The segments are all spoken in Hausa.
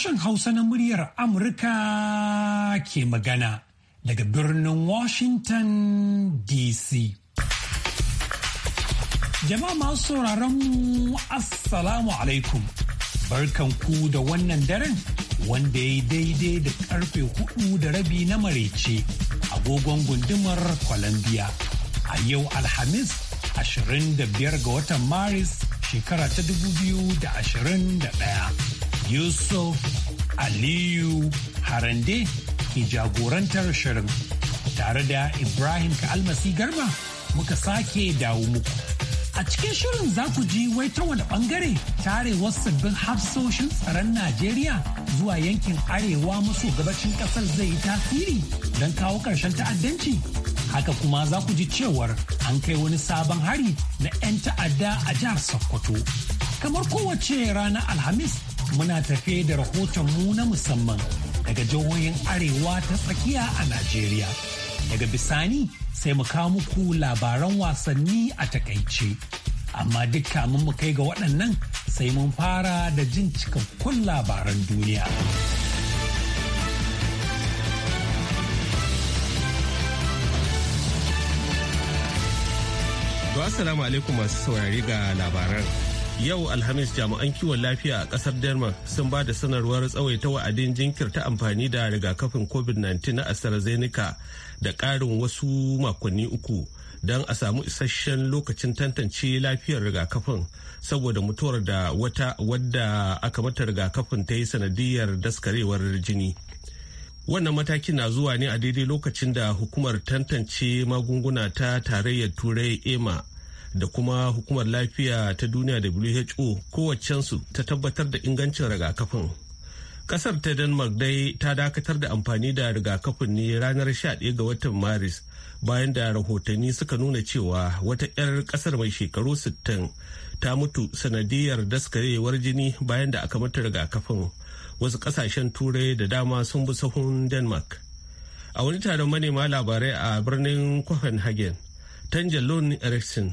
sashen Hausa na muryar Amurka ke magana daga birnin Washington DC. Jama'a masu sauraron mu Assalamu alaikum. Barkan ku da wannan daren wanda ya yi daidai da karfe hudu da rabi na marece agogon gundumar Columbia. A yau Alhamis 25 ga watan Maris shekara ta 2021. Yusuf Aliyu Harande ke jagorantar shirin tare da Ibrahim kalmasi Garba muka sake dawo muku. A cikin shirin za ku ji wai ta wani bangare tare wasu sabbin hafsoshin tsaron Najeriya zuwa yankin arewa maso gabacin kasar zai yi tasiri don kawo ƙarshen ta'addanci. Haka kuma za ku ji cewar an kai wani sabon hari na 'yan ta'adda a jihar Sokoto. Kamar kowace ranar Alhamis muna tafe da rahoton mu na musamman daga jihohin arewa ta tsakiya a Najeriya. Daga bisani sai mu kawo muku labaran wasanni a takaice. Amma dukka mun mu kai ga waɗannan sai mun fara da jin cikakkun labaran duniya. Assalamu alaikum masu saurari ga labaran. yau alhamis jami'an kiwon lafiya a kasar denmark sun ba da sanarwar tsawaita wa'adin jinkirta amfani da rigakafin covid-19 na Zainika da ƙarin wasu makonni uku don a samu isasshen lokacin tantance lafiyar rigakafin saboda mutuwar da wata wadda aka mata rigakafin ta yi sanadiyar daskarewar jini wannan mataki na zuwa ne a daidai lokacin da hukumar tantance magunguna ta tarayyar turai ema da kuma hukumar lafiya ta duniya who kowaccensu ta tabbatar da ingancin rigakafin kasar ta denmark dai ta dakatar da amfani da rigakafin ne ranar 11 ga watan maris bayan da rahotanni suka nuna cewa wata 'yar kasar mai shekaru 60 ta mutu sanadiyar daskarewar jini bayan da aka mata rigakafin wasu kasashen turai da dama sun bi sahun denmark a wani taron manema labarai a birnin copenhagen tanjalon ericsson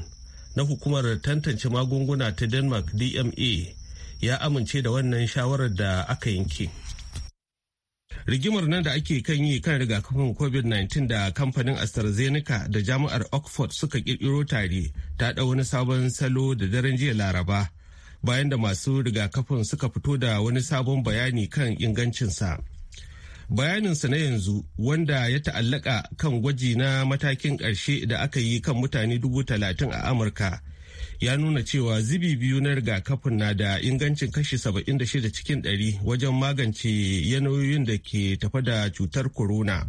na hukumar tantance magunguna ta denmark dma ya amince da wannan shawarar da aka yanke rigimar nan da ake kan yi kan rigakafin covid-19 da kamfanin astrazeneca da jami'ar oxford suka kirkiro tare ta ɗau wani sabon salo da daren jiya laraba bayan da masu rigakafin suka fito da wani sabon bayani kan ingancinsa. bayaninsa na yanzu wanda ya ta'allaka kan gwaji na matakin ƙarshe da aka yi kan mutane dubu talatin a amurka ya nuna cewa zibi biyu na rigakafin na da ingancin kashi 76 cikin 100 wajen magance yanayoyin da ke tafa da cutar corona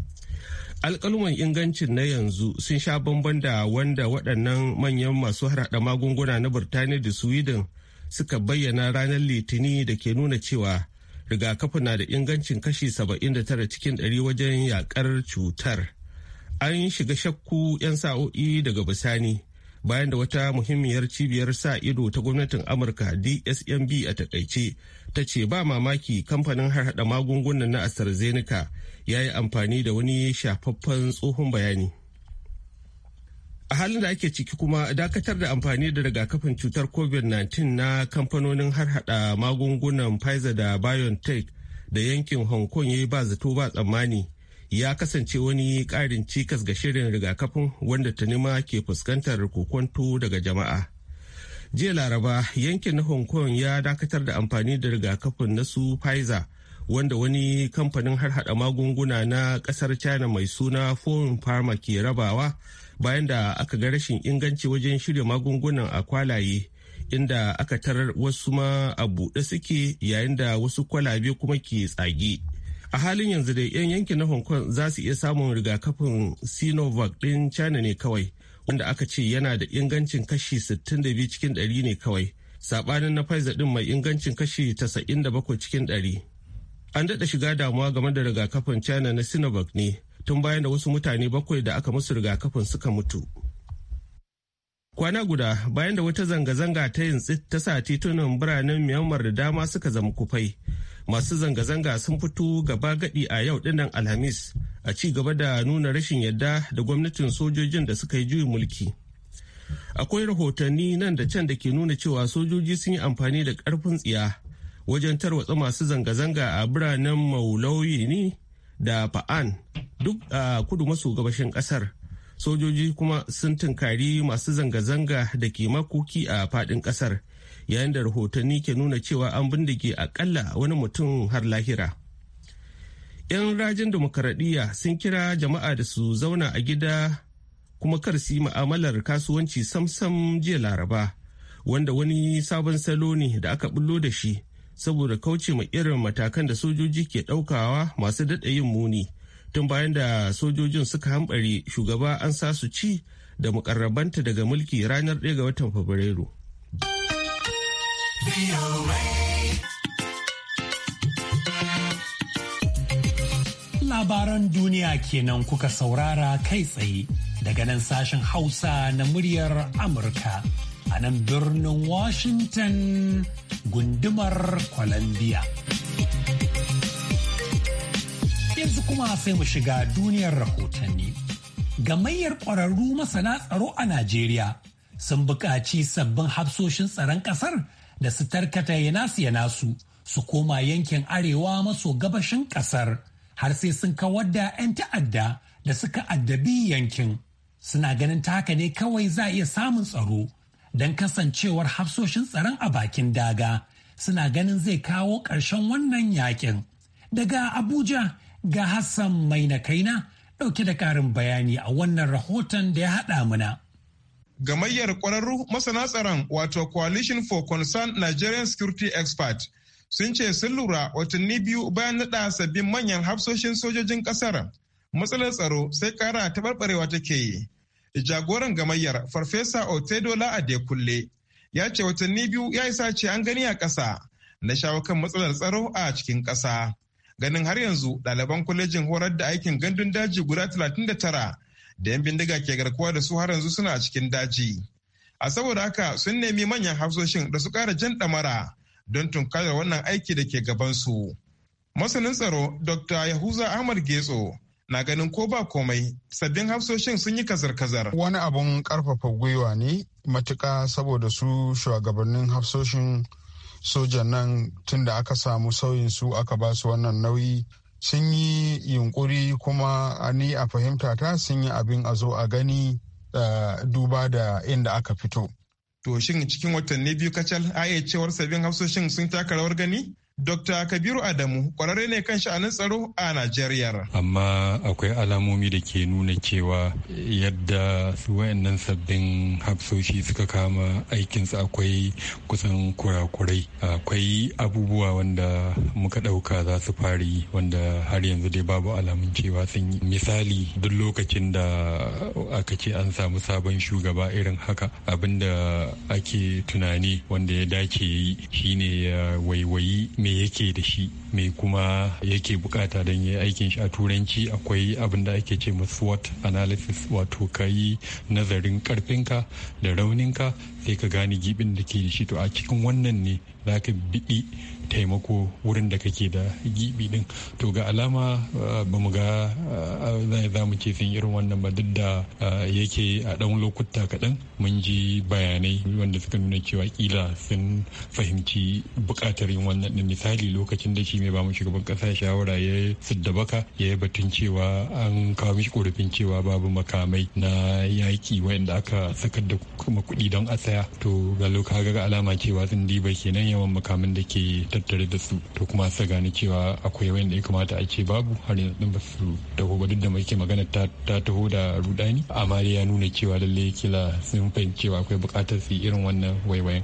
alkaluman ingancin na yanzu sun sha bamban da wanda waɗannan manyan masu harhaɗa magunguna na birtaniya da sweden suka bayyana ranar litinin da ke nuna cewa rigakafi na da ingancin kashi 79 cikin 100 wajen yakar cutar an shiga shakku 'yan sa'o'i daga bisani bayan da wata muhimmiyar cibiyar sa ido ta gwamnatin amurka dsmb a takaice ta ce ba mamaki kamfanin harhaɗa magungunan na astrazeneca ya yi amfani da wani shafaffen tsohon bayani a halin da ake ciki kuma dakatar da amfani da rigakafin cutar covid-19 na kamfanonin harhaɗa magungunan pfizer da biontech da yankin hong kong ya yi ba zato ba tsammani ya kasance wani karin cikas ga shirin rigakafin wanda ta nema ke fuskantar kokonto daga jama'a jiya laraba yankin na hong kong ya dakatar da amfani da rigakafin na su pfizer wanda wani kamfanin harhaɗa magunguna na kasar china mai suna foreign pharma ke rabawa bayan da aka ga rashin inganci wajen shirya magungunan a kwalaye inda aka tarar wasu ma a buɗe suke yayin da wasu kwalabe kuma ke tsage. a halin yanzu da 'yan yankin na hong kong za su iya samun rigakafin sinovac ɗin china ne kawai wanda aka ce yana da ingancin kashi 62 cikin 100 ne kawai sabanin na pfizer ɗin mai ingancin kashi 97 cikin 100 an daɗa shiga damuwa game da rigakafin china na sinovac ne tun bayan da wasu mutane bakwai da aka musu rigakafin suka mutu kwana guda bayan da wata zanga-zanga ta yin tsit ta sa titunan biranen myanmar da dama suka zama kufai masu zanga-zanga sun fito gaba gadi a yau dinnan alhamis a ci gaba da nuna rashin yadda da gwamnatin sojojin da suka yi juyin mulki akwai rahotanni nan da can da ke nuna cewa sojoji sun yi amfani da karfin tsiya wajen tarwatsa masu zanga-zanga a biranen maulauyi ne da fa'an duk a kudu maso gabashin kasar sojoji kuma sun tunkari masu zanga-zanga da ke makoki a fadin kasar yayin da rahotanni ke nuna cewa an bindige akalla wani mutum har lahira 'yan rajin demokaradiyya sun kira jama'a da su zauna a gida kuma kar su yi ma'amalar kasuwanci samsam jiya laraba wanda wani sabon salo ne da aka bullo da shi saboda kauce ma irin matakan da sojoji ke ɗaukawa masu daɗa yin muni tun bayan da sojojin suka hambare shugaba an sa su ci da mukarrabanta daga mulki ranar ɗaya ga watan fabrairu. Labaran duniya kenan kuka saurara kai tsaye daga nan sashen Hausa na muryar Amurka a nan birnin Washington gundumar Columbia. Yanzu kuma sai mu shiga duniyar rahotanni. Gamayyar ƙwararru masana tsaro a Najeriya sun buƙaci sabbin hafsoshin tsaron ƙasar da su tarkata ya nasu su koma yankin arewa maso gabashin ƙasar har sai sun kawar da 'yan ta'adda da suka addabi yankin. Suna ganin ta haka ne kawai za a iya samun tsaro. don kasancewar hafsoshin tsaron a bakin daga suna ganin zai kawo ƙarshen wannan yakin. Daga Abuja ga Hassan mai na kaina ɗauke da ƙarin bayani a wannan rahoton da ya haɗa muna. Gamayyar ƙwararru masana tsaron wato Coalition for Concerned Nigerian Security Expert sun ce sun lura watanni biyu bayan naɗa sabbin manyan hafsoshin sojojin ƙasar. Matsalar tsaro sai ƙara ta taɓarɓarewa take yi. jagoran gamayyar farfesa otedola adekunle ya ce watanni biyu ya isa ce an gani a ƙasa na shawo kan matsalar tsaro a cikin ƙasa ganin har yanzu ɗaliban kwalejin horar da aikin gandun daji guda 39 da yan bindiga ke garkuwa da su har yanzu suna cikin daji a saboda haka sun nemi manyan hafsoshin da su ƙara jan ɗamara don tunkarar wannan aiki da ke gabansu masanin tsaro dr yahuza ahmad getso na ganin ko ba komai sabbin hafsoshin sun yi kazar-kazar. Wani abun karfafa gwiwa ne matuka saboda su shugabannin hafsoshin sojan nan tun da aka samu sauyin su aka ba su wannan nauyi sun yi yunkuri kuma ni a fahimta ta sun yi abin a zo a gani duba da inda aka fito. To shin cikin watanni biyu kacal aya cewar sabbin hafsoshin sun taka rawar gani? Dr. Kabiru Adamu kwararre ne kan sha'anin tsaro a Najeriya. Amma akwai alamomi da ke nuna cewa yadda su wayannan sabbin hafsoshi suka kama aikinsu akwai kusan kurakurai. Akwai abubuwa wanda muka ɗauka za su fari wanda har yanzu dai babu alamun cewa sun yi. Misali duk lokacin da aka ce an samu sabon shugaba irin haka abin da ake tunani wanda ya dace yi shine ya waiwayi me yake da shi me kuma yake bukata don ya aikin shi a turanci akwai abin da ake ce SWOT analysis wato ka yi nazarin karfinka da rauninka sai ka gane gibin da ke da shi to a cikin wannan ne za ka biɗi taimako wurin da kake da gibi din to ga alama uh, ba mu ga uh, uh, za mu ce sun irin wannan ba duk da yake a ɗan lokuta kaɗan mun ji bayanai wanda suka nuna cewa kila sun fahimci buƙatar yin wannan da misali lokacin da shi mai ba mu shugaban ƙasa shawara ya sidda baka ya yi batun cewa an kawo mishi korafin cewa babu makamai na yaƙi wayanda aka sakar da kuma kuɗi don a saya to ga lokaci ga alama cewa sun diba kenan yawan makamin da ke ta tattare da su to kuma sa gane cewa akwai da ya kamata a ce babu har yanzu ba su taho ba duk da muke magana ta taho da rudani amma dai ya nuna cewa lalle kila sun fahimci cewa akwai bukatar su irin wannan waiwayen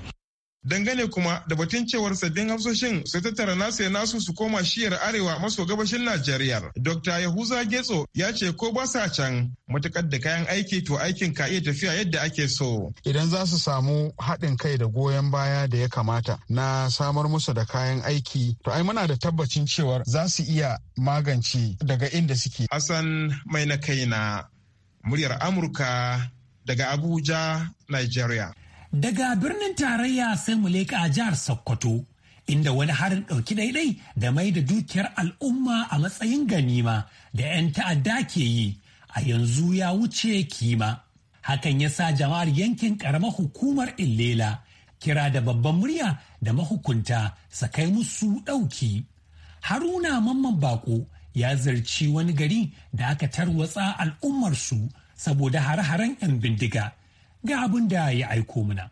dangane kuma da batun cewar sabbin hafsoshin su tattara nasu ya nasu su koma shiyar arewa maso gabashin najeriya dr yahuza getso ya ce ko ba sa can matukar da kayan aiki to aikin ka iya tafiya yadda ake so idan za su samu haɗin kai da goyon baya da ya kamata na samar musu da kayan aiki to ai muna da tabbacin cewar za su iya magance daga inda suke hassan mai na kai na muryar amurka daga abuja nigeria Daga birnin tarayya sai mu leƙa jihar Sokoto, inda wani harin ɗauki ɗaiɗai da mai da dukiyar al'umma a matsayin ganima da 'yan ta'adda ke yi a yanzu ya wuce kima. Hakan ya sa jama'ar yankin ƙaramar hukumar Ilela, kira da babban murya da mahukunta sakai musu ɗauki. Haruna Mamman baƙo ya zirci wani gari da aka tarwatsa al'ummarsu saboda hare-haren 'yan bindiga. ga abin da ya aiko mana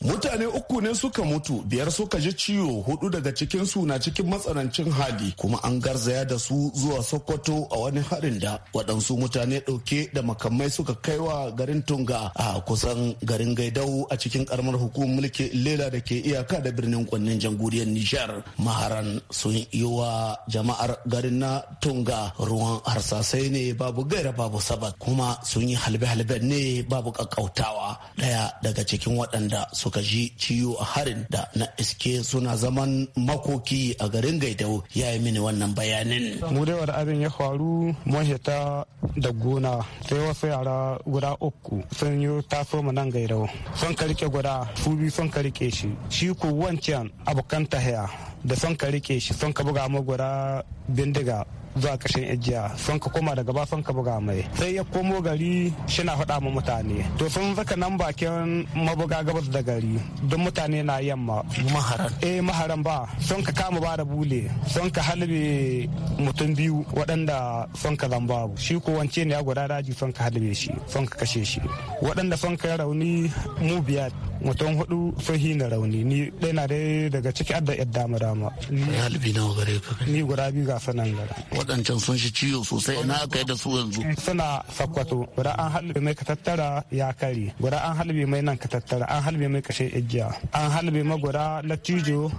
mutane uku ne suka mutu biyar suka ji ciwo hudu daga cikinsu na cikin matsanancin hali kuma an garzaya da su zuwa sokoto a wani harin da waɗansu mutane ɗauke da makamai suka kaiwa garin tunga a kusan garin gaidau a cikin karamar hukumar mulki lela da ke iyaka da birnin kwannin jamhuriyar nijar maharan sun yi wa jama'ar garin na tunga ruwan harsasai ne babu gaira babu sabat kuma sun yi halbe-halben ne babu kakkautawa daya daga cikin waɗanda suka ji ciwo a harin da na iske suna zaman makoki a garin gaidau ya yi mini wannan bayanin. mu da abin ya faru mun da gona sai wasu yara guda uku sun yi taso mu nan gaidau sun karike guda su bi sun karike shi shi ku wancan abokan tahaya da son ka rike shi son ka buga magwara bindiga zuwa kashin ijiya son ka koma daga ba son ka buga mai sai ya komo gari shina faɗa ma mutane to sun zaka nan bakin mabuga gabas da gari don mutane na yamma maharan eh maharan ba son ka kama ba da bule son ka halbe mutum biyu waɗanda son ka zamba shi ko wance ne ya guda daji son ka halbe shi son ka kashe shi waɗanda son ka rauni mu biyar mutum hudu sun hina rauni ni ɗaya na dai daga ciki adda yadda mu dama kai halibi nawa gare ka ni guda biyu ga sanan gara waɗancan sun shi ciwo sosai ina aka yi da su yanzu suna sakwato guda an halibi mai ka tattara ya kare guda an halibi mai nan ka tattara an halibi mai kashe igiya an halibi ma guda latijo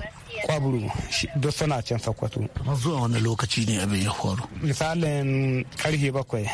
kwaburu duk suna can sakwato zuwa wani lokaci ne abin ya faru misalin karfe bakwai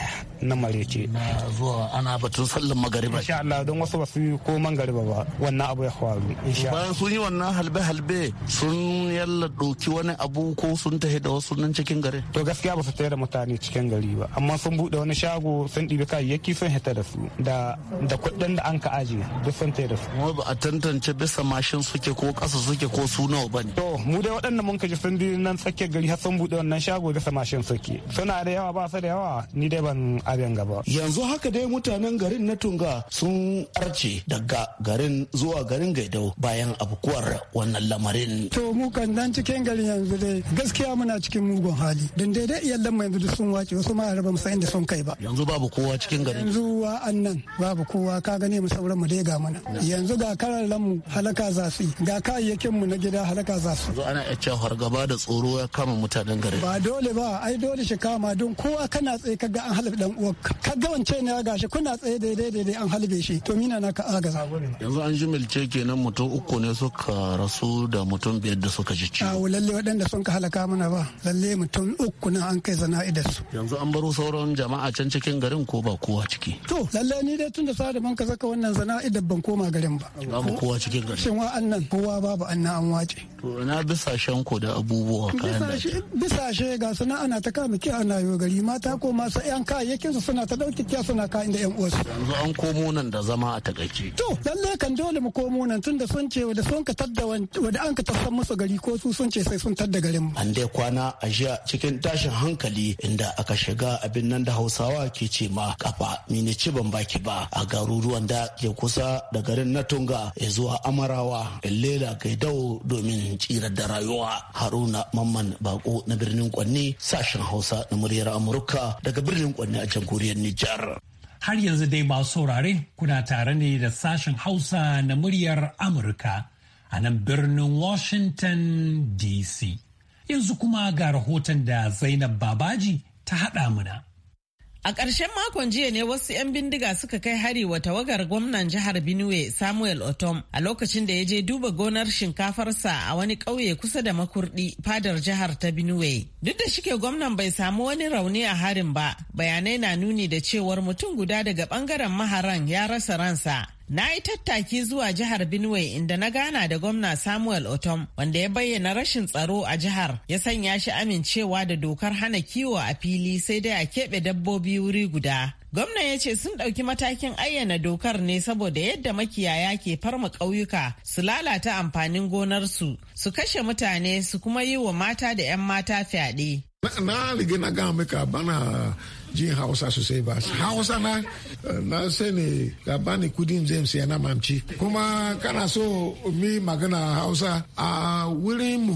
na marece zuwa ana batun sallan magariba insha Allah don wasu basu ko gariba ba wannan abu ya faru insha Allah bayan sun yi wannan halbe halbe sun ya yalla ɗauki wani abu ko sun tafi da wasu nan cikin gari. To gaskiya ba su tayar da mutane cikin gari ba amma sun buɗe wani shago sun ɗibi kayayyaki sun hita da su da da kuɗin da an ka aje duk sun tayar da su. Kuma ba a tantance bisa mashin suke ko ƙasa suke ko su nawa ba ne. To mu dai waɗanda mun kaji sun bi nan tsakiyar gari har sun buɗe wannan shago bisa mashin suke. Suna da yawa ba su da yawa ni dai ban abin gaba. Yanzu haka dai mutanen garin na Tunga sun arce daga garin zuwa garin Gaidau bayan abukuwar wannan lamarin. To mu kan nan cikin garin yanzu dai gaskiya muna cikin mugun hali don daidai iyalan mai yanzu sun wace wasu ma raba musayin da sun kai ba yanzu babu kowa cikin gari. yanzu wa annan babu kowa ka gane mu sauran mu dai ga mana yanzu ga kararran mu halaka za su ga kayayyakin mu na gida halaka za su ana iya cewa gaba da tsoro ya kama mutanen gari. ba dole ba ai dole shi kama don kowa kana tsaye kaga an halbe dan ka ga wance ne ya gashi kuna tsaye daidai daidai an halbe shi to mina na ka agaza yanzu an jimilce kenan mutum uku ne suka rasu da mutum biyar da suka ji ji ciwo lalle waɗanda sun ka halaka mana ba lalle mutum uku na an kai zana idan su yanzu an baro sauran jama'a can cikin garin ko ba kowa ciki to lalle ni dai tun da sa da man ka saka wannan zana idan ban koma garin ba babu kowa cikin garin shin wa annan kowa babu annan an wace to na bisashen ko da abubuwa kayan da bisashe ga suna ana ta kama kiya ana yo gari mata ko masu yan kayayyakin su suna ta dauki kiya suna kayan da yan uwarsu yanzu an komo nan da zama a takaice to lalle kan dole mu komo nan tun da sun ce da sun ka tadda wanda an ka tassan musu gari ko wasu sun ce sai sun tadda garin an dai kwana a jiya cikin tashin hankali inda aka shiga abin nan da hausawa ke ce ma kafa mini ci ban baki ba a garuruwan da ke kusa da garin na tunga ya zuwa amarawa lela gaidau domin tsirar da rayuwa haruna mamman bako na birnin kwanni sashen hausa na muryar amurka daga birnin kwanni a jamhuriyar nijar har yanzu dai masu saurare kuna tare ne da sashen hausa na muryar amurka a nan birnin Washington DC. Yanzu kuma ga rahoton da Zainab Babaji ta haɗa mana. A ƙarshen makon jiya ne wasu 'yan bindiga suka kai hari wa tawagar gwamnan jihar Benue Samuel Otom a lokacin da ya je duba gonar shinkafarsa a wani ƙauye kusa da makurdi fadar jihar ta Benue. Duk da shike gwamnan bai samu wani rauni a harin ba, bayanai na nuni da cewar mutum guda daga ɓangaren maharan ya rasa ransa. Na yi tattaki zuwa jihar Benue inda na gana da gwamna Samuel Otom wanda ya bayyana rashin tsaro a jihar ya sanya shi amincewa da dokar hana kiwo a fili sai dai a keɓe dabbobi wuri guda. Gwamna ya ce sun ɗauki matakin ayyana dokar ne saboda yadda makiyaya ke farma ƙauyuka su lalata amfanin gonarsu su kashe mutane su kuma yi wa mata da 'yan mata fyaɗe. Na riga na gaya maka bana jin hausa sosai ba hausa na na sani ka bani kudin zai siya mamci kuma kana so mi magana hausa a wurin mu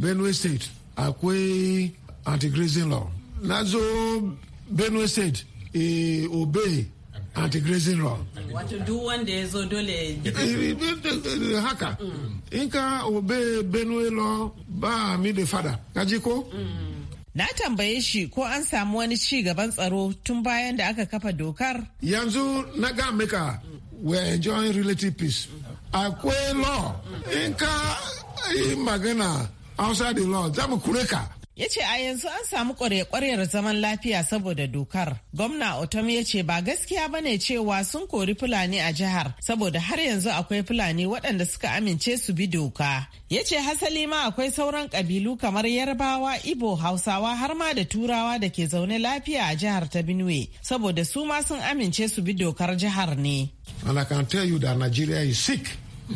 benue state akwai anti-grazing law na zo benue state e obey anti-grazing law wato duk wanda ya zo dole eh, eh, eh, haka mm. in ka obey benue law ba mi da fada kaji ko mm. Na tambaye shi ko an samu wani ci gaban tsaro tun bayan da aka kafa dokar. Yanzu na ga mika we enjoying relative peace. Akwai law in ka yi magana outside the law za mu kure ka. ya ce a yanzu an samu kware kwarewar zaman lafiya saboda dokar gwamna otom ya ce ba gaskiya ba ne cewa sun kori fulani a jihar saboda har yanzu akwai fulani waɗanda suka amince su bi doka ya ce hasali ma akwai sauran ƙabilu kamar yarbawa ibo hausawa har ma da turawa da ke zaune lafiya a jihar ta benue saboda su ma sun amince su bi dokar jihar ne and i can tell you that nigeria is sick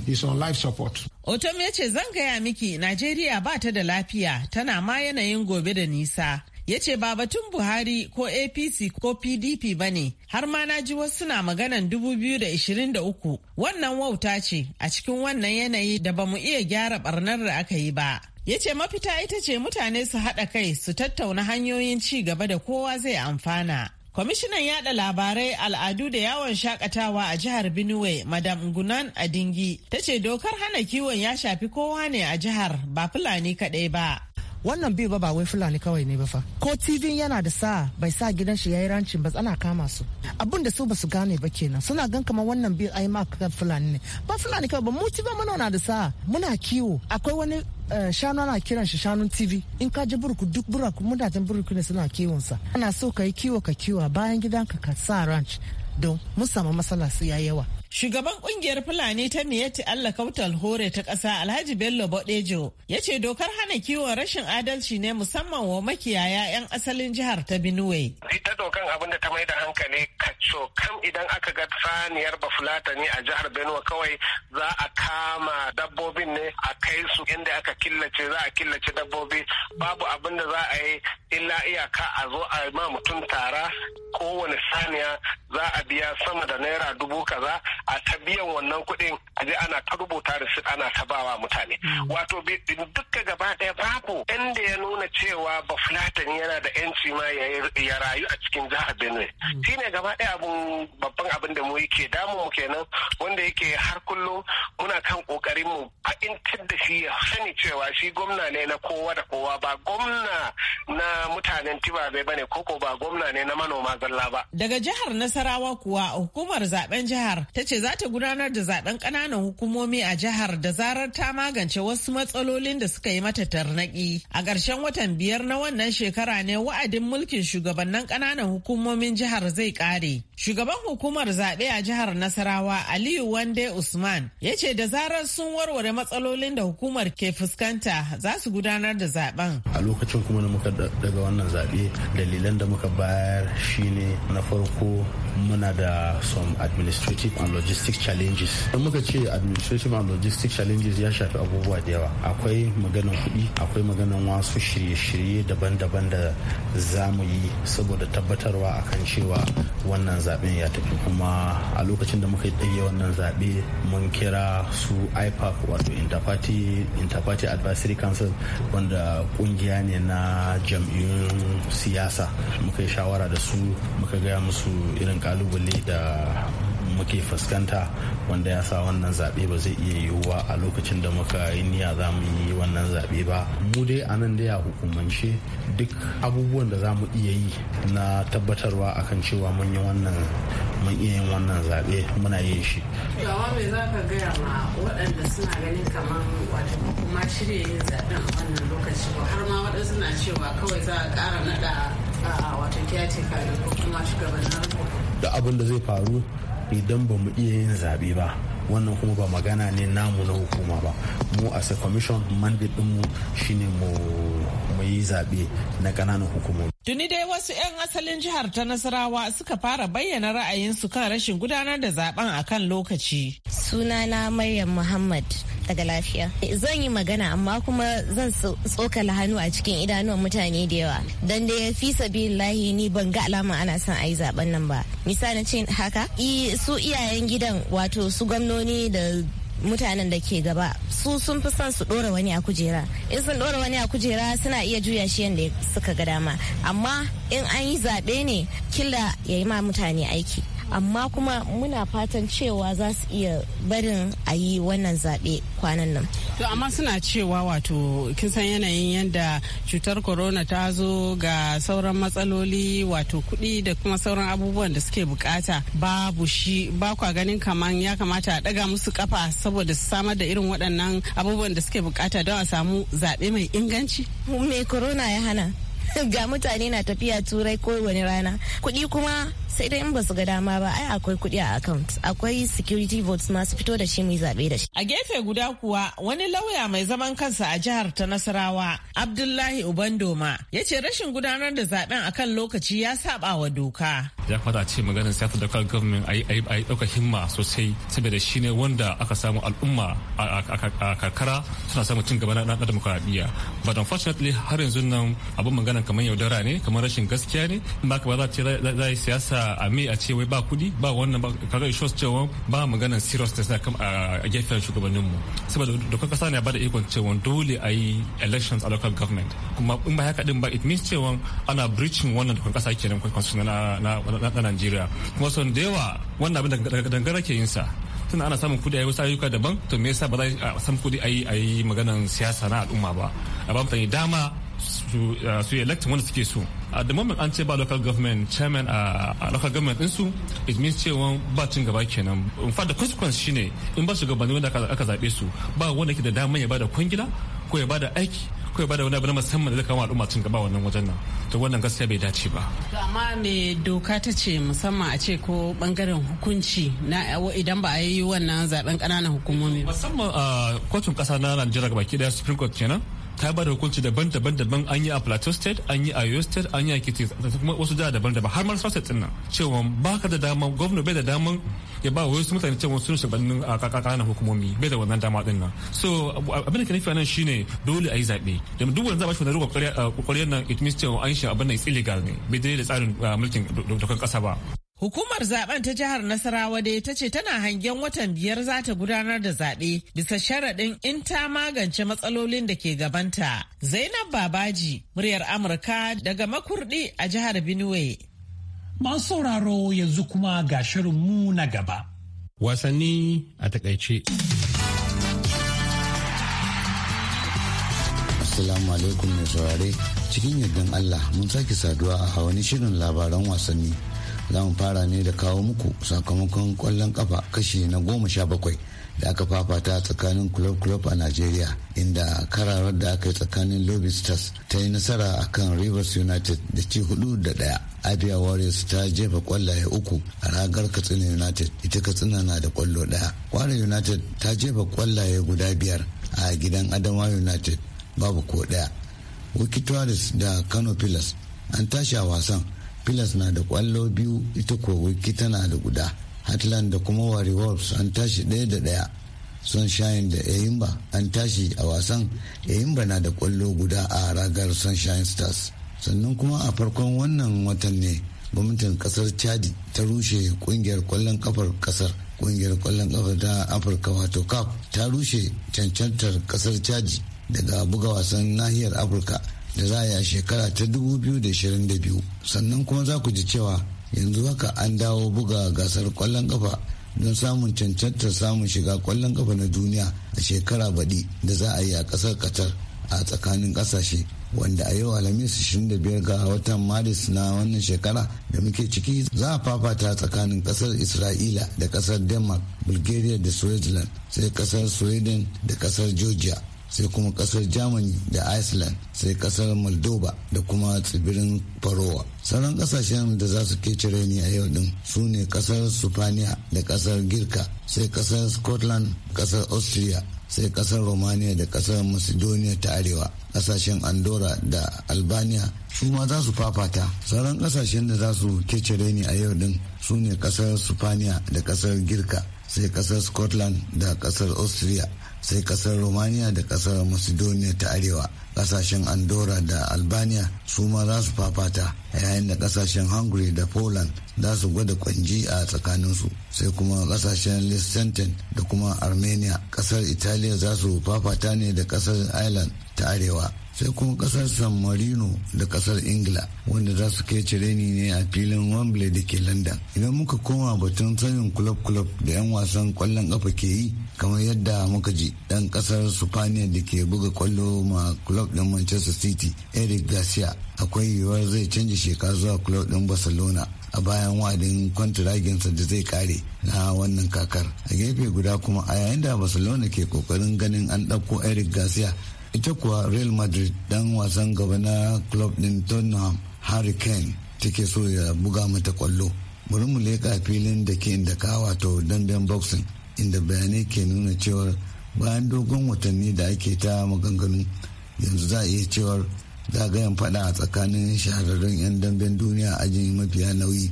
is on life support. Otom ya ce zan gaya miki Najeriya ba ta da lafiya tana ma yanayin gobe da nisa. Ya ce ba batun Buhari ko APC ko PDP ba ne, har ma na ji wasu suna maganan 2023 wannan wauta ce a cikin wannan yanayi da ba mu iya gyara barnar da aka yi ba. ya ce mafita ita ce mutane su haɗa kai su tattauna hanyoyin ci gaba da kowa zai amfana Kwamishinan yada labarai al'adu da yawon shakatawa a jihar Benue, Madam Gunan Adingi, ta ce dokar hana kiwon ya shafi kowa ne a jihar ba Fulani kadai ba. wannan biyu ba ba wai fulani kawai ne ba fa ko tv yana da sa bai sa gidan shi yayi rancin ba tsana kama su abun da su basu gane ba kenan suna gan kamar wannan biyu ai ma fulani ne ba fulani kawai ba mu ci ba muna da sa muna kiwo akwai wani eh, shanu ana kiran shi shanun tv in ka ji burku duk muna mudajen burku ne suna sa ana so ka yi kiwo ka kiwa bayan gidan ka ka sa ranch don mun samu matsala su yayi yawa Shugaban kungiyar Fulani ta miyeti Allah Kautal Hore ta ƙasa Alhaji Bello Bodejo ya ce dokar hana kiwon rashin adalci ne musamman wa makiyaya 'yan asalin jihar ta binuwe Ita dokan abin da ta mai da hankali kaco kam idan aka ga saniyar ne a jihar Benue kawai za a kama dabbobin ne a kai su inda aka killace za a killace dabbobi babu abin da za a yi illa iyaka a zo a ma mutum tara kowane saniya za a biya sama da naira dubu kaza a ta biyan wannan kuɗin a je ana ta rubuta da su ana ta bawa mutane mm. wato duka gaba ɗaya babu inda ya nuna cewa bafulatan yana da yanci ma ya rayu a cikin jihar benue mm. ne gaba ɗaya abun babban abin da mu yake damu mu kenan wanda yake har kullum muna kan kokarin mu fa'intar da shi ya sani cewa shi gwamna ne na kowa da kowa ba gwamna na mutanen tibabe ba ne koko ba gwamna ne na manoma zalla ba daga jihar nasarawa kuwa hukumar zaben jihar ta ce za ta gudanar da zaben ƙananan hukumomi a jihar da zarar ta magance wasu matsalolin da suka yi mata tarnaki. A ƙarshen watan biyar na wannan shekara ne wa'adin mulkin shugabannin ƙananan hukumomin jihar zai ƙare. Shugaban hukumar zaɓe a jihar Nasarawa Aliyu Wande Usman ya ce da zarar sun warware matsalolin da hukumar ke fuskanta za su gudanar da zaben. A lokacin kuma da muka daga wannan zaɓe dalilan da muka bayar shine na farko muna da some administrative and logistic challenges idan muka ce administration and logistic challenges ya shafi abubuwa da yawa akwai maganan kuɗi akwai maganan wasu shirye-shirye daban-daban da za mu yi saboda tabbatarwa akan cewa wannan zaben ya tafi kuma a lokacin da muka yi wannan zaɓe mun kira su ipap wato interparty interparty advisory council wanda kungiya ne na jam'iyyun siyasa muka yi shawara da su muka gaya musu irin kalubale da muke fuskanta wanda ya sa wannan zaɓe ba zai iya yiwuwa a lokacin da muka yi niyya za mu yi wannan zaɓe ba mu dai a nan dai a hukumance duk abubuwan da za mu iya yi na tabbatarwa akan cewa mun yi wannan mun iya yin wannan zaɓe muna yin shi. Yawa me za ka gaya ma waɗanda suna ganin kamar wata kuma shirya yin zaɓen a wannan lokaci ba har ma waɗansu na cewa kawai za a ƙara naɗa wata kyace ko kuma shugabannin da abin da zai faru idan ba mu iya yin zaɓe ba wannan kuma ba magana ne namu na hukuma ba mu as a commission mandate ɗinmu shine mu yi zaɓe na ƙananan hukumomi Tuni dai wasu 'yan asalin jihar ta Nasarawa suka fara bayyana ra'ayinsu kan rashin gudanar da zaben a kan lokaci. Sunana Maryam Muhammad. daga lafiya zan yi magana amma kuma zan tsokala hannu a cikin idanuwan mutane da yawa dan da ya fi lahi ni ban ga alama ana son a yi zaben nan ba misali ce haka su iyayen gidan wato su gwamnoni da mutanen da ke gaba su sun fi son su ɗora wani a kujera in sun ɗora wani a kujera suna iya juya shi yadda suka ga dama amma in an yi zaɓe ne killa ya yi ma mutane aiki amma kuma muna fatan cewa za su iya barin a yi wannan zaɓe kwanan nan to amma suna cewa wato kin san yanayin yadda cutar corona ta zo ga sauran matsaloli wato kuɗi da kuma sauran abubuwan da suke bukata babu shi ba kwa ganin kaman ya kamata a ɗaga musu kafa saboda su samar da irin waɗannan abubuwan da suke bukata don a samu zaɓe mai inganci me corona ya hana ga mutane na tafiya turai kowane rana kuɗi kuma sai dai in ba su ga dama ba ai akwai kuɗi a account akwai security votes masu fito da shi mai zabe da shi. A gefe guda kuwa wani lauya mai zaman kansa a jihar ta Nasarawa Abdullahi Ubandoma ya ce rashin gudanar da zaben akan lokaci ya saba wa doka. Ya fata ce maganin siyasar local government ai ai dauka himma sosai saboda shi ne wanda aka samu al'umma a kakara suna samun cin gaba na demokuraɗiyya. But unfortunately har yanzu nan abin maganan kamar yaudara ne kamar rashin gaskiya ne in ba ka ba za a ce za yi siyasa a mai a ce wai ba kudi ba wannan ba kaga it shows cewa ba maganar seriousness na a gefen shugabannin mu saboda dokar kasa ne ba da ikon cewa dole a yi elections a local government kuma in ba haka din ba it means cewa ana breaching wannan dokar kasa kenan constitution na na Nigeria kuma son da yawa wannan abin da dangara ke yin sa tun ana samun kudi a wasu ayyuka daban to me yasa ba za a samu kudi a yi magana maganar siyasa na al'umma ba a ba dama uh, su elect wanda suke so at the moment an ce ba local government chairman a uh, uh, local government ɗinsu it means cewa ba cin gaba kenan in fact the consequence shine in ba shugabanni wanda aka zaɓe su ba wanda ke da daman ya bada kwangila ko ya bada aiki ko ya bada wani abu na musamman da zai kama al'umma cin gaba wannan wajen nan to wannan gaskiya bai dace ba to amma me doka ta ce musamman a ce ko bangaren hukunci na idan ba a yi wannan zaben kananan hukumomi musamman a uh, kotun kasa na Najeriya gabaki daya Supreme Court kenan ta ba da hukunci daban-daban daban an yi a plateau state an yi a yo state an yi a kiti kuma wasu jiha daban-daban har ma state din cewa ba ka da dama gwamna bai da dama ya ba wa wasu mutane cewa sun shugabannin a kakakanan hukumomi bai da wannan dama din nan so abin da ka nufi nan shine dole a yi zaɓe domin duk wanda ba shi da ruwa kokariyar nan it means cewa an shi abin nan is illegal ne bai daidai da tsarin mulkin dokar kasa ba Hukumar zaben ta jihar Nasarawa dai ta ce tana hangen watan biyar za ta gudanar da zaɓe bisa sharaɗin in ta magance matsalolin da ke gabanta. Zainab Babaji, muryar Amurka daga makurdi a jihar Benue. Masu sauraro yanzu kuma ga mu na gaba. Wasanni a takaice. Assalamu alaikum mai saurare cikin yardan Allah mun sake saduwa a wani shirin labaran wasanni. za mu fara ne da kawo muku sakamakon kwallon kafa kashi na goma sha bakwai da aka fafata tsakanin club club a nigeria inda kararar da aka yi tsakanin lobby stars ta yi nasara a kan rivers united da ci hudu da daya abia warriors ta jefa kwallaye uku a ragar katsina united ita katsina na da kwallo daya kwara united ta jefa kwallaye guda biyar a gidan adama united babu ko daya wikitoris da kano pillars an tashi a wasan pilas na da kwallo biyu ita ko wiki tana da guda hatland da kuma wari wolves an tashi ɗaya da ɗaya sunshine da eyimba an tashi a wasan eyimba na da kwallo guda a ragar sunshine stars sannan kuma a farkon wannan watan ne gwamnatin kasar chadi ta rushe kungiyar kwallon kafar kasar kungiyar kwallon kafar ta afirka wato cap ta rushe cancantar kasar chadi daga buga wasan nahiyar afirka da za a yi a shekara ta 2022 sannan kuma za ku ji cewa yanzu haka an dawo buga gasar kwallon kafa don samun cancantar samun shiga kwallon kafa na duniya a shekara baɗi da za a yi a ƙasar qatar a tsakanin ƙasashe wanda a yau alhamis 25 ga watan maris na wannan shekara da muke ciki za a fafata tsakanin kasar isra'ila da kasar denmark bulgaria da switzerland sai kasar sweden da kasar georgia sai kuma kasar germany da iceland sai kasar moldova da kuma tsibirin farowa sauran kasashen da za su ke cire ni a yau din su ne kasar sufaniya da kasar girka sai kasar scotland kasar austria sai kasar romania da kasar macedonia ta arewa kasashen andorra da albania su ma za su fafata sauran kasashen da za su ke cire ni a yau din su ne kasar sufaniya da kasar girka sai kasar scotland da kasar austria sai kasar romania da kasar macedonia ta arewa kasashen andorra da albania su ma za su fafata yayin da kasashen hungary da poland za su gwada kwanji a tsakaninsu sai kuma kasashen liechtenstein da kuma armenia kasar italiya za su fafata ne da kasar ireland ta arewa sai kuma kasar san marino da kasar ingila wanda za su kai cireni ne a filin wembley da ke london idan muka koma batun sanin kulob-kulob da 'yan wasan kwallon kafa ke yi kamar yadda muka ji dan kasar spaniya da ke buga kwallo ma kulob din manchester city eric garcia akwai yiwuwar zai canza shekara zuwa kulob din barcelona a bayan wadin kwantiraginsa da zai kare na wannan kakar a gefe guda kuma a yayin da barcelona ke kokarin ganin an ɗauko eric garcia ita kuwa real madrid dan wasan gaba na club din tottenham harry kane take so ya buga mata kwallo bari mu leka filin da ke inda ka wato damben boxing inda bayanai ke nuna cewar bayan dogon watanni da ake ta maganganu yanzu za a iya cewar zagayen fada a tsakanin shahararren 'yan damben duniya a ajin mafiya nauyi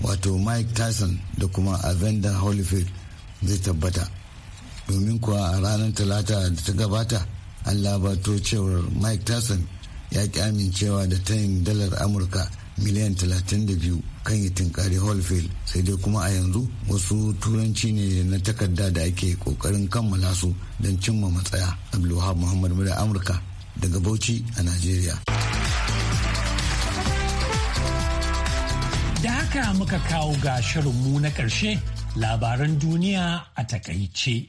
wato mike tyson da kuma avenda holyfield zai tabbata domin kuwa a ranar talata da ta gabata an labato cewar mike tyson ya ki amincewa da tayin dalar amurka miliyan 32 kan yi tinkari holfield sai dai kuma a yanzu wasu turanci ne na takarda da ake kokarin kammala su don cimma matsaya abdulwahab muhammad mura amurka daga bauchi a nigeria da haka muka kawo ga shirinmu na ƙarshe labaran duniya a takaice.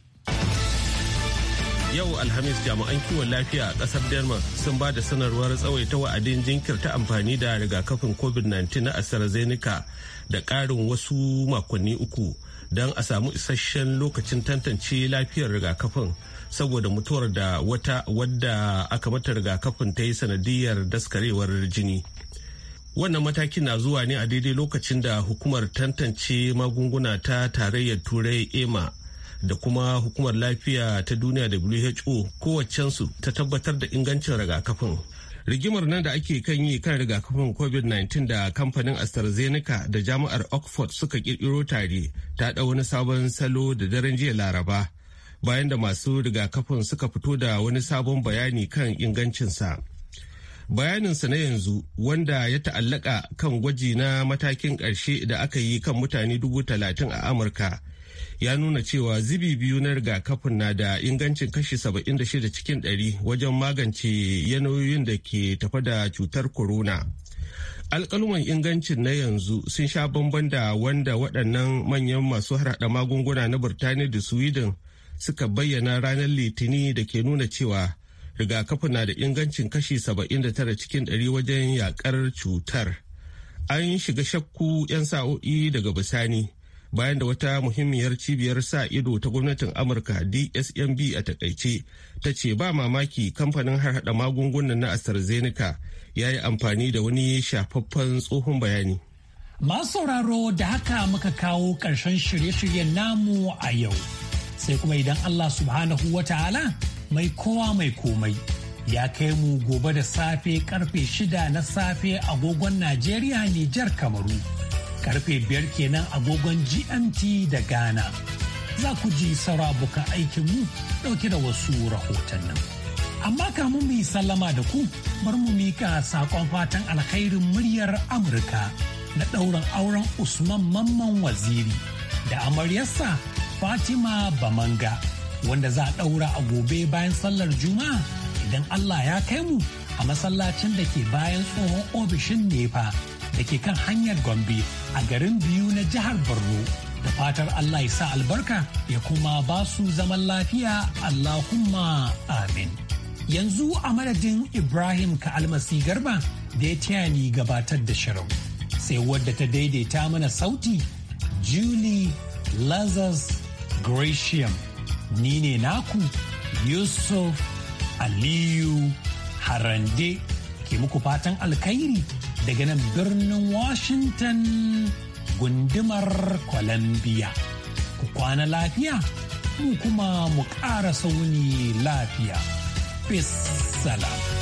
yau alhamis jami'an kiwon lafiya a kasar denmark sun ba da sanarwar tsawaita wa'adin jinkirta amfani da rigakafin covid-19 na astrazeneca da ƙarin wasu makonni uku don a samu isasshen lokacin tantance lafiyar rigakafin saboda mutuwar da wata wadda aka mata rigakafin ta yi sanadiyar daskarewar jini wannan matakin na zuwa ne a daidai lokacin da hukumar tantance magunguna ta tarayyar turai ema da kuma hukumar lafiya ta duniya who kowaccensu ta tabbatar da ingancin rigakafin rigimar nan da ake kan yi kan rigakafin covid-19 da kamfanin astrazeneca da jami'ar oxford suka kirkiro tare ta da wani sabon salo da daren jiya laraba bayan da masu rigakafin suka fito da wani sabon bayani kan ingancinsa bayaninsa na yanzu wanda ya ta'allaka kan gwaji na matakin ƙarshe da aka yi kan mutane dubu talatin a amurka ya nuna cewa zibi biyu na rigakafin na da ingancin kashi 76 cikin 100 wajen magance yanayoyin da ke tafa da cutar corona. alkaluman ingancin na yanzu sun sha bamban da wanda waɗannan manyan masu harada magunguna na birtaniya da sweden suka bayyana ranar litini da ke nuna cewa rigakafin na da ingancin kashi 79 cikin 100 wajen yakar cutar an shiga shakku 'yan sa'o'i daga bisani bayan da wata muhimmiyar cibiyar sa ido ta gwamnatin amurka dsmb a takaice ta ce ba mamaki kamfanin harhaɗa magungunan na astrazeneca ya yi amfani da wani shafaffen tsohon bayani masu sauraro da haka muka kawo ƙarshen shirye-shiryen namu a yau sai kuma idan allah subhanahu wata'ala mai kowa mai komai ya kai mu gobe da safe karfe shida na safe agogon najeriya nijar kamaru karfe biyar kenan agogon GMT da Ghana. Za ku ji saura aikin aikinmu dauke da wasu rahotannin. Amma kamun mu yi sallama da ku bar mu mika saƙon fatan alkhairin muryar Amurka na ɗaurin auren Usman Mamman Waziri da amaryarsa Fatima Bamanga wanda za a ɗaura a gobe bayan sallar Juma'a idan Allah ya kai mu a masallacin da ke bayan tsohon ofishin Nefa. da ke kan hanyar Gombe a garin biyu na jihar Borno. Da fatar Allah ya sa albarka ya kuma ba su zaman lafiya Allahumma amin. Yanzu a madadin Ibrahim ka Almasi Garba da ya taya ni gabatar da shirin. Sai wadda ta daidaita mana sauti Julie Lazarus Gratiam. Ni ne naku Yusuf Aliyu Harande ke muku fatan alkhairi daga nan birnin Washington gundumar Columbia. Ku kwana lafiya, mu kuma mu ƙara sauni lafiya. Peace salam.